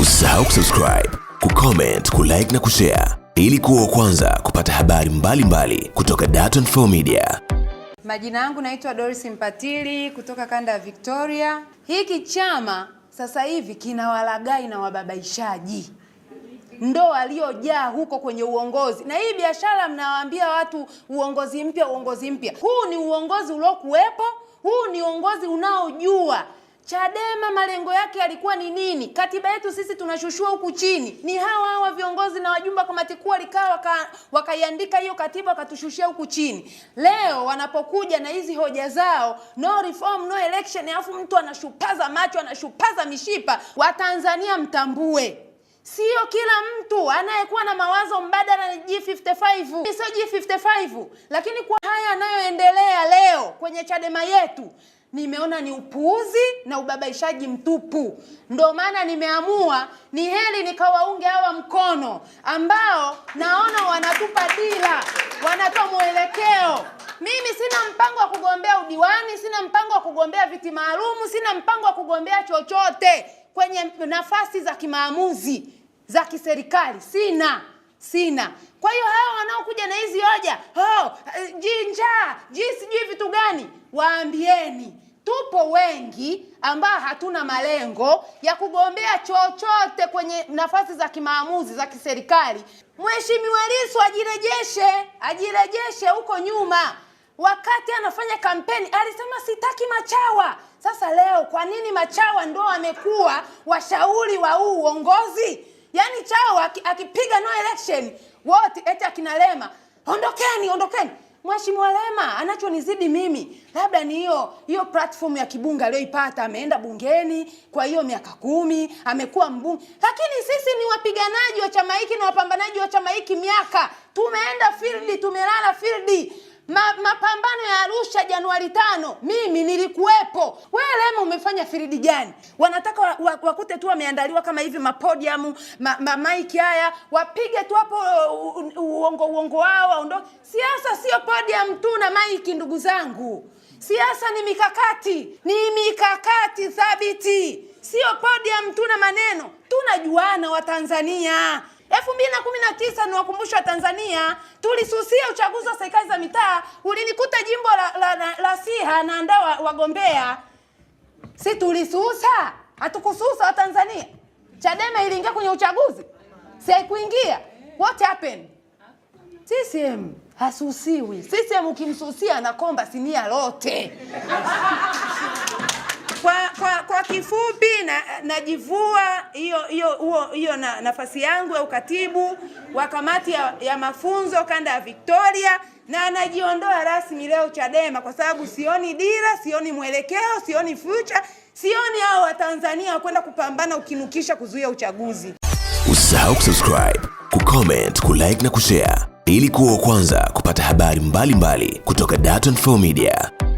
Usisahau kusubscribe, kucomment, kulike na kushare ili kuwa kwanza kupata habari mbalimbali mbali kutoka Dar24 Media. Majina yangu naitwa Doris Mpatili kutoka kanda ya Victoria. Hiki chama sasa hivi kina walagai na wababaishaji ndo waliojaa huko kwenye uongozi, na hii biashara mnawaambia watu uongozi mpya, uongozi mpya. Huu ni uongozi uliokuwepo, huu ni uongozi unaojua Chadema malengo yake yalikuwa ni nini? Katiba yetu sisi tunashushua huku chini, ni hawa hawa viongozi na wajumbe wa kamati kuu walikaa wakaiandika hiyo katiba wakatushushia huku chini. Leo wanapokuja na hizi hoja zao no reform, no election, alafu mtu anashupaza macho anashupaza mishipa. Watanzania mtambue, Sio kila mtu anayekuwa na mawazo mbadala ni G55, sio G55. Lakini kwa haya yanayoendelea leo kwenye Chadema yetu nimeona ni upuuzi na ubabaishaji mtupu. Ndio maana nimeamua ni heri nikawaunge hawa mkono ambao naona wanatupa dira, wanatoa mwelekeo. Mimi sina mpango wa kugombea udiwani, sina mpango wa kugombea viti maalumu, sina mpango wa kugombea chochote kwenye nafasi za kimaamuzi za kiserikali, sina sina. Kwa hiyo hawa wanaokuja na hizi hoja oh, eh, jinja njaa ji sijui vitu gani, waambieni tupo wengi ambao hatuna malengo ya kugombea chochote kwenye nafasi za kimaamuzi za kiserikali. Mheshimiwa Lissu ajirejeshe, ajirejeshe huko nyuma. Wakati anafanya kampeni alisema sitaki machawa. Sasa leo kwa nini machawa ndo wamekuwa washauri wa huu uongozi? Yaani chawa akipiga no election wote eti akinalema ondokeni, ondokeni Mheshimiwa Lema anachonizidi mimi labda ni hiyo hiyo platform ya kibunge aliyoipata. Ameenda bungeni kwa hiyo miaka kumi amekuwa mbunge, lakini sisi ni wapiganaji wa chama hiki na wapambanaji wa chama hiki miaka, tumeenda fildi tumelala fildi Ma, mapambano ya Arusha Januari tano, mimi nilikuwepo. Wewe Lema umefanya firidi gani? Wanataka wakute tu wameandaliwa kama hivi mapodiamu ma, ma haya wapige tu hapo uongo uongo wao waondoke. Siasa sio podium tu na maiki, ndugu zangu. Siasa ni mikakati, ni mikakati thabiti, sio podium tu na maneno. Tunajuana Watanzania elfu mbili na kumi na tisa ni wakumbusho wa Tanzania, tulisusia uchaguzi wa serikali za mitaa, ulinikuta jimbo la, la, la, la Siha naandaa wagombea, si tulisusa? Hatukususa Watanzania. Chadema iliingia kwenye uchaguzi, sikuingia. What happened? CCM hasusiwi. CCM ukimsusia anakomba sinia lote kwa, kwa, kwa kifupi najivua na hiyo na, nafasi yangu ya ukatibu wa kamati ya, ya mafunzo kanda ya Victoria na najiondoa rasmi leo Chadema kwa sababu sioni dira, sioni mwelekeo, sioni future, sioni hao Watanzania kwenda kupambana ukinukisha kuzuia uchaguzi. Usisahau kusubscribe, kucomment, kulike na kushare ili kuwa wa kwanza kupata habari mbalimbali mbali kutoka Dar24 Media.